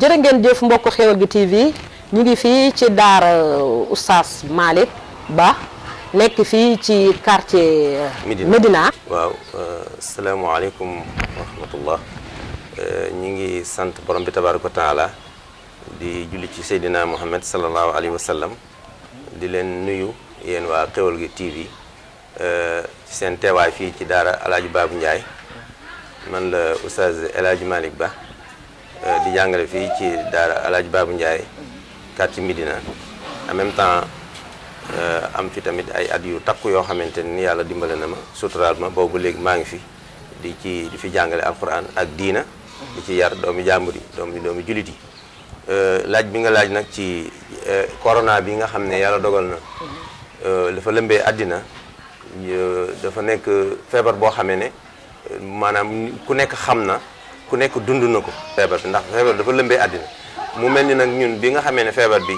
jërë ngeen jëf mbokk xewal gi TV ñu ngi fii ci daara Oustaz Malick Ba nekk fii ci quartier. Euh, Médina waaw euh, salaamaaleykum wa rahmatullah euh, ñu ngi sant borom bi tabaaraka taala di julli ci Seydina Muhammad sallallahu alayhi wa sallam di leen nuyu yéen waa xewal gi fii ci daara El Hadj Ndiaye man la Oustaz El Hadj Ba. Euh, di jàngale fii ci daara Alaaji Baabu Ndiaye quartier midina en même temps euh, am fi tamit ay at yu takk yoo xamante ni yàlla dimbale na ma suturaal ma boobu léegi maa ngi fi di ci di fi jàngale alquran ak diina di ci yar doomi jàmbur yi doomi doomi julit yi euh, laaj bi nga laaj nag ci corona bi nga xam ne yàlla dogal na dafa lëmbee àddina dafa nekk feebar boo xamee ne maanaam ku nekk xam na ku nekk dund na ko feebar bi ndax feebar dafa lëmbee àddina mu mel ni nag ñun bi nga xamee ne feebar bi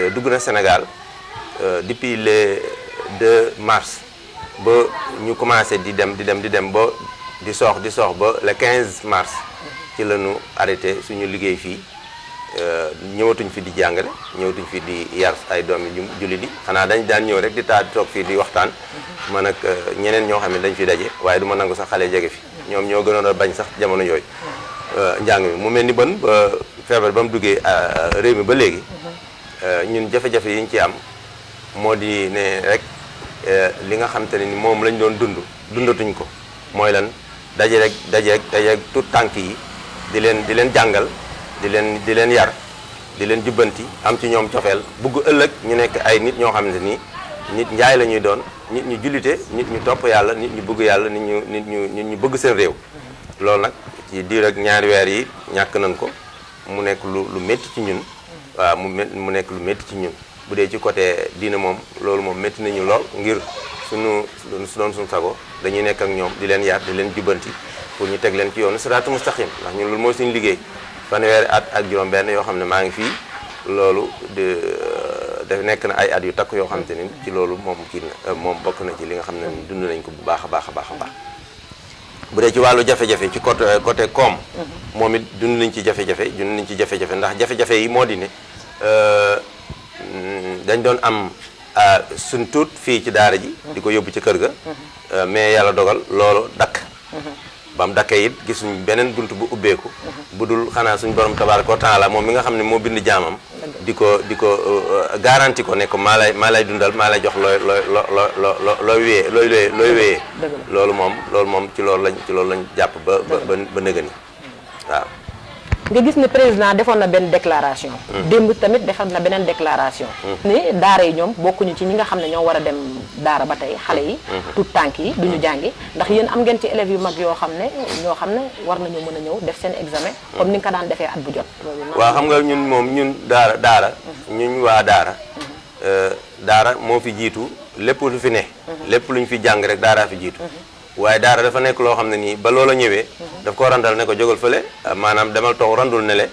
euh, dugg na Sénégal euh, depuis le de mars ba ñu commencé di dem di dem di dem ba di soox di soox ba le 15 mars ci la ñu arrêté suñu liggéey fii euh, ñëwatuñ fi di jàngale ñëwatuñ fii di yar ay doomi ñu julli di xanaa dañ daan ñëw rek di taa di toog fii di waxtaan mm-hmm. man ak ñeneen ñoo xam ne dañ fi daje waaye du ma nangu sax xale jege fii ñoom ñoo gënoon a bañ sax jamono yooyu euh, njàng mi mu mel ni bon feebar ba mu duggee euh, réew mi ba léegi euh, ñun jafe-jafe yi ñu ci am moo di ne rek li nga xam te ne ni moom lañ doon dund dundatuñ ko mooy lan daje rek daje rek daje rek tànk yi di leen di leen jàngal di leen di leen yar di leen jubbanti am ci ñoom cofeel bugg ëllëg ñu nekk ay nit ñoo xam ne nii nit njaay la ñuy doon nit ñu jullite nit ñu topp yàlla nit ñu bëgg yàlla nit ñu nit ñu nit ñu bëgg seen réew loolu nag ci diir ak ñaari weer yi ñàkk nañ ko mu nekk lu lu métti ci ñun waaw mu mu nekk lu métti ci ñun bu dee ci côté diine moom loolu moom métti nañu lool ngir suñu su doon suñu sago dañuy nekk ak ñoom di leen yaat di leen jubbanti pour ñu teg leen ci yoonu siraatul mustaqim ndax ñun lu mooy suñ liggéey fanweeri at ak juróom benn yoo xam ne maa ngi fii loolu daf nekk na ay at yu takk yoo xam te ni ci loolu moom kii na euh, moom bokk na ci li nga xam ne dund nañ ko bu baax a baax a baax a baax bu dee ci wàllu jafe-jafe ci côté euh, côté koom mm-hmm. moom it dund nañ ci jafe-jafe dund ci jafe ndax jafe-jafe yi moo di ne euh, dañ doon am suñ tuut fii ci daara ji di ko yóbbu ci kër ga mm-hmm. mais yàlla dogal loolu dakk mm-hmm. ba mu dakkee it gisuñ beneen bunt bu ubbeeku bu dul xanaa suñ borom tabaaraka wa taala moom mi nga xam ne moo bind jaamam di ko di ko euh, garanti ko ne maa lay maa lay dundal maa lay jox looy looy loo loo loo looy looy looy looy loolu moom loolu moom ci loolu lañ ci loolu lañ jàpp ba ba ba nëgëni mm. waaw nga gis ne président defoon na benn déclaration. Mm. démb tamit defoon na beneen déclaration. Mm. ni daara yi ñoom bokkuñu ci ñi nga xam ne ñoo war a dem daara ba tey xale yi. Mm. tout tànk yi duñu jàngi ndax yéen am ngeen ci élèves yu mag yoo xam ne ñoo xam ne war nañu mën a ñëw def seen examen. comme ni nga ko daan defee at bu jot. waa xam nga ñun moom ñun daara daara. ñun waa daara. Mm-hmm. Euh, daara moo fi jiitu lépp lu fi ne. Mm-hmm. lépp luñ fi jàng rek daara fi jiitu. Mm-hmm. waaye daara dafa nekk loo xam ne nii ba loola ñëwee daf ko randal ne ko jógal fële maanaam demal toog randul ne le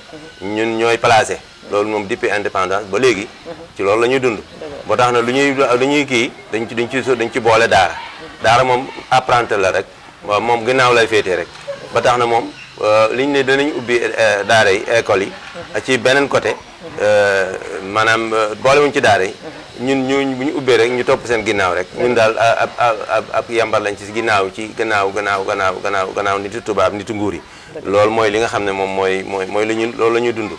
ñun ñooy placé loolu moom depuis indépendance ba léegi ci loolu la ñuy dund ba tax na lu ñuy lu ñuy kii dañ ci dañ ci dañ ci boole daara daara moom apprenti la rek moom ginnaaw lay féetee rek ba tax na moom euh, li ñu ne danañ ubbi euh, daara yi école yi ci beneen côté euh, maanaam boolewuñ ci daara yi ñun ñooñu bu ñu ubbee rek ñu topp seen ginnaaw rek ñun daal ab yambar lañ ci ginnaaw ci gannaaw gannaaw gannaaw gannaaw gannaaw nitu tubaab nitu nguur yi mooy li nga xam ne moom mooy mooy mooy la ñu loolu la ñuy dund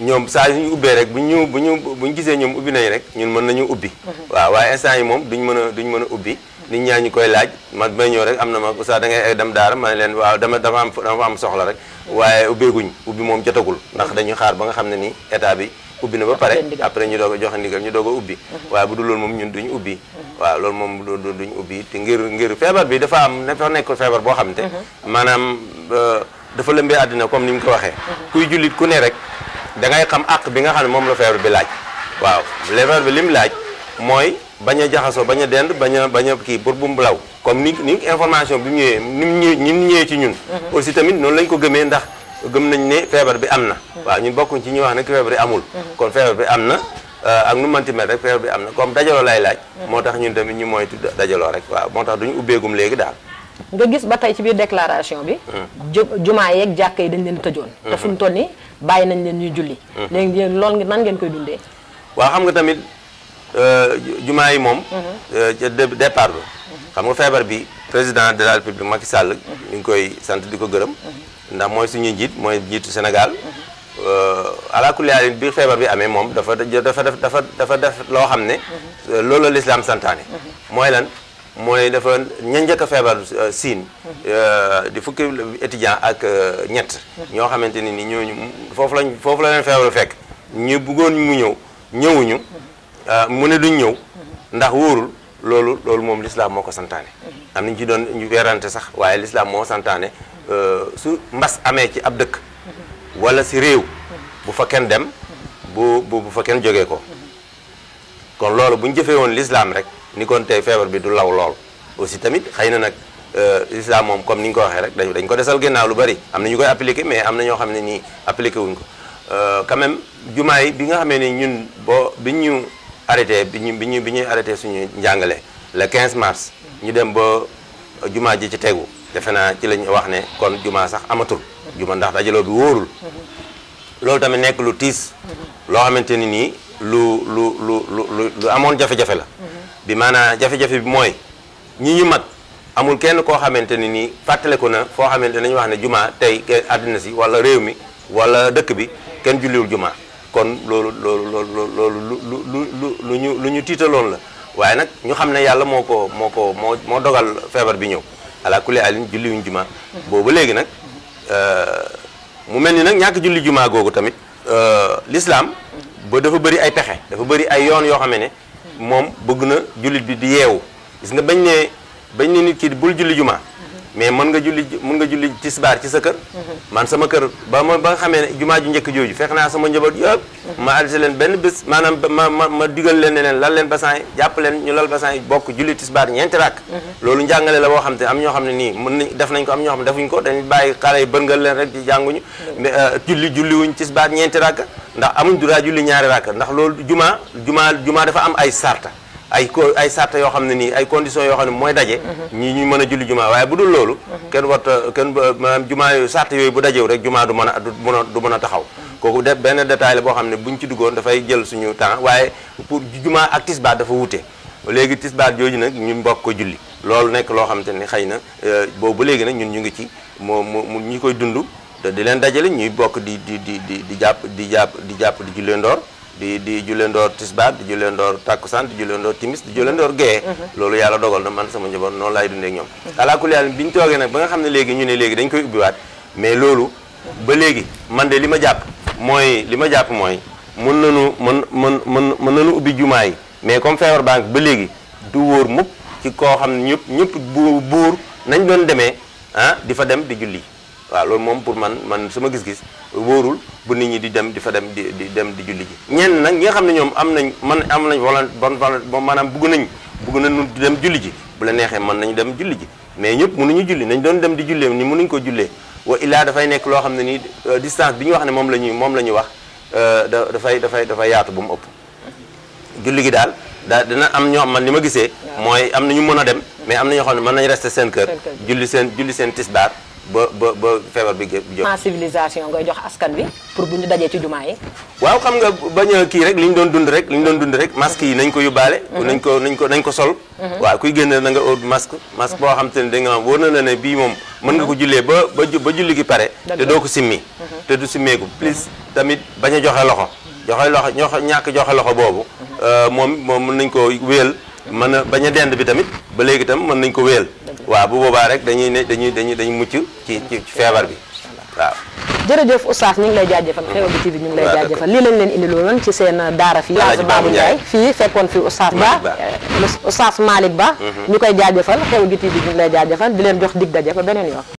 ñoom saa ubbee rek bu ñu bu ñu bu ñu gisee ñoom ubbi nañ rek ñun mën nañu ubbi mhm. waaw waaye instant yi moom duñ mën a duñ mën a ubbi nit ñaa ñu koy laaj man may ñëw rek am na ma saa da ngay dem daara ma leen waaw dama dafa am dafa am soxla rek waaye ubbeeguñ ubbi moom jotagul ndax mhm. dañuy xaar ba nga xam ne ni état bi ubbi na ba pare après ñu doog a joxe ndigal ñu doog a ubbi mhm. waaye bu dul loolu moom ñun duñu ubbi mhm. waaw loolu moom duñu ubbi te ngir ngir feebar bi dafa am dafa nekk feebar boo xam te mhm. maanaam euh, dafa lëmbee àddina comme ni ñu ko waxee kuy jullit ku ne rek da xam àq bi nga xam ne moom la feebar bi laaj waaw feebar bi lim laaj mooy bañ a jaxasoo bañ a dend bañ a bañ a kii pour bu mu law comme ni ni information bi mu ñëwee ni mu ñëwee ci ñun aussi tamit gëm nañ ne feebar bi am na waaw ñun bokkuñ ci ñu wax ne feebar bi amul mhm. kon feebar bi am na euh, ak nu manti mel rek feebar bi am na comme dajaloo lay laaj mhm. moo tax ñu tamit ñu mooy tudd dajaloo rek waaw moo tax duñu ubbeegum léegi daal nga gis ba tey ci biir déclaration bi mhm. jumaa yeeg jàkk yi dañ leen tëjoon te fu mu ni nii bàyyi nañ leen ñuy julli léegi yéen lool nan ngeen koy dundee waaw xam nga tamit euh, jumaa yi moom euh, ca départ ba xam nga feebar bi président de la république Macky Sall. ñu ngi koy sant di ko gërëm. ndax mooy suñu njiit mooy njiitu Sénégal. Euh, alaakulli biir feebar bi amee moom dafa dafa dafa dafa def loo xam ne. Euh, loolu la lislaam santaane. mooy lan mooy dafa ña njëkk a feebar euh, siin. di fukki étudiant ak ñett. ñoo xamante ni ni ñooñu foofu lañ foofu la leen fekk. ñu buggoon mu ñëw ñëwuñu. mu ne duñ ñëw. ndax wóorul loolu loolu moom lislaam moo ko santaane. am nañ ci doon ñu weerante sax waaye lislaam moo santaane euh, su mbas amee ci ab dëkk wala si réew bu fa kenn dem bu bu fa kenn jógee ko kon loolu bu ñu jëfee woon lislaam rek ni kon tey feebar bi du law lool aussi tamit xëy na nag euh, lislaam moom comme ni ñu ko waxee rek dañ ko desal gannaaw lu bari am na ñu koy appliqué mais am na ñoo xam ne nii wuñ ko euh, quand même jumaa yi bi nga xamee ne ñun boo bi ñu arrêté bi ñu bi ñu bi ñuy arrêté suñu njàngale le 15 mars ñu dem ba jumaa ji ci tegu defe naa ci lañ wax ne kon jumaa sax amatul juma ndax dajaloo bi wóorul loolu tamit nekk lu tiis loo xamante ni nii lu lu lu amoon jafe-jafe la bi maanaam jafe-jafe bi mooy ñi ñu mag amul kenn koo xamante ni nii fàttaliku na foo xamante nañu wax ne jumaa tey àddina si wala réew mi wala dëkk bi kenn julliwul jumaa kon loolu loolu loolu lu lu lu ñu lu ñu tiitaloon la waaye nag ñu xam ne yàlla moo ko moo ko moo moo dogal feebar bi ñëw ala kulli alin julli jumaa boobu léegi nag euh, mu mel ni nag ñàkk julli jumaa googu tamit euh, l'islam ba dafa bëri ay pexe dafa bëri ay yoon yoo xam ne moom bëgg na jullit bi di yeewu gis nga bañ ne bañ ne nit ki bul julli juma mais mën nga julli mën nga julli ci sa kër mm-hmm. man sama kër ba ma ba nga xamee ne jumaa ju njëkk jooju fekk naa sama njaboot yëpp mm-hmm. ma arrêté ma ma ma digal leen ne leen lal leen basan yi len leen ñu lal basan yi bokk julli tisbaar ñeenti rakk mm-hmm. loolu njàngale la boo xam te am ñoo xam ni nii mën nañ def nañ ko am ñoo xam defuñ ko dañ bàyyi xale yi bërngal leen rek di jànguñu mais euh, julli julliwuñ tisbar ñeenti rakk ndax amuñ droit julli ñaari rakk ndax loolu juma dafa am ay sarta ay ko ay sàrt yoo xam ne nii ay conditions yoo xam ne mooy daje mhm. ñi ñu mën a julli jumaa waaye bu dul loolu mhm. kenn warta kenn maanaam jumaa yooyu sàrt yooyu bu dajewu rek jumaa du mën a du mën a mën a taxaw mhm. kooku de benn détail la boo xam ne buñ ci duggoon dafay jël suñu temps waaye pour jumaa ak tisbaar dafa wute léegi tisbaar jooju nag ñu mbokk ko julli loolu nekk loo xamante ni xëy na euh, boobu ba léegi nag ñun ñu ngi ci moo mu ñi koy dund te di leen dajale ñuy bokk di di di di di jàpp di jàpp di jàpp di jullee ndoor di di tisbat, di jullendoor takusan, di jullendoor timis di jullendoor ge, mhm. loolu yàlla dogal na man sama njaboot noonu laay dundee ak ñoom alaakulli yàlla bi ñu toogee nag ba nga xam ne léegi ñu ne léegi dañ koy ubbiwaat mais loolu ba léegi man de li ma jàpp mooy li ma jàpp mën nanu mën mën mën mën ubbi jumaa mais comme ba du ci nañ doon ah di fa dem di julli waaw loolu moom pour man man sama gis-gis wóorul bu nit ñi di dem di fa dem di di dem di julli ji ñenn nag ñi nga xam ne ñoom am nañ man am nañ volant bon volant maanaam bugg nañ bugg nañu di dem julli ji bu la neexee mën nañu dem julli ji mais ñëpp mënuñu julli nañ doon dem di jullee ni mënuñ ko jullee wa illaa dafay nekk loo xam ne nii euh, distance bi ñu wax ne moom la ñuy moom la ñuy wax euh, da dafay dafay dafay yaatu bu mu ëpp julli gi daal daa dina am ñoo man li ma gisee mooy am na ñu mën a dem mais am na ñoo xam ne mën nañu rester seen kër julli seen julli seen tisbaar ba ba ba feebar bi jóg. sensibilisation ngay jox askan wi pour bu ñu dajee ci jumaa yi. waaw xam nga bañ kii rek li ñu doon dund rek li ñu doon dund rek masque yi nañ ko yóbbaale. Mhm. nañ ko nañ ko nañ ko sol. Mhm. waaw kuy génn na nga óot masque. masque boo xam te ne da nga xam na ne bii moom. mën nga ko jullee ba ba ba julli gi pare. te doo ko simmi. Mhm. te du simmeeku plus tamit bañ a joxe loxo. joxe loxo ñoo ñàkk joxe loxo boobu. Euh, moom moom mën nañ ko wéyal. mën a bañ a dend bi tamit ba léegi tam mën nañ ko wéyal waaw bu boobaa rek dañuy ne dañuy dañuy dañuy mucc ci ci feebar bi waaw jërëjëf oustaz ñu ngi lay jaajëfal mm-hmm. Xeweul bi ñu ngi lay jaajëfal lii lañ leen indiloo woon ci seen uh, daara fii Hadj Babou Ndiaye fii fekkoon fi oustaz Ba oustaz Malick Ba mm-hmm. ñu koy jaajëfal Xeweul bi ñu ngi lay jaajëfal di leen jox dig daje ba beneen yoon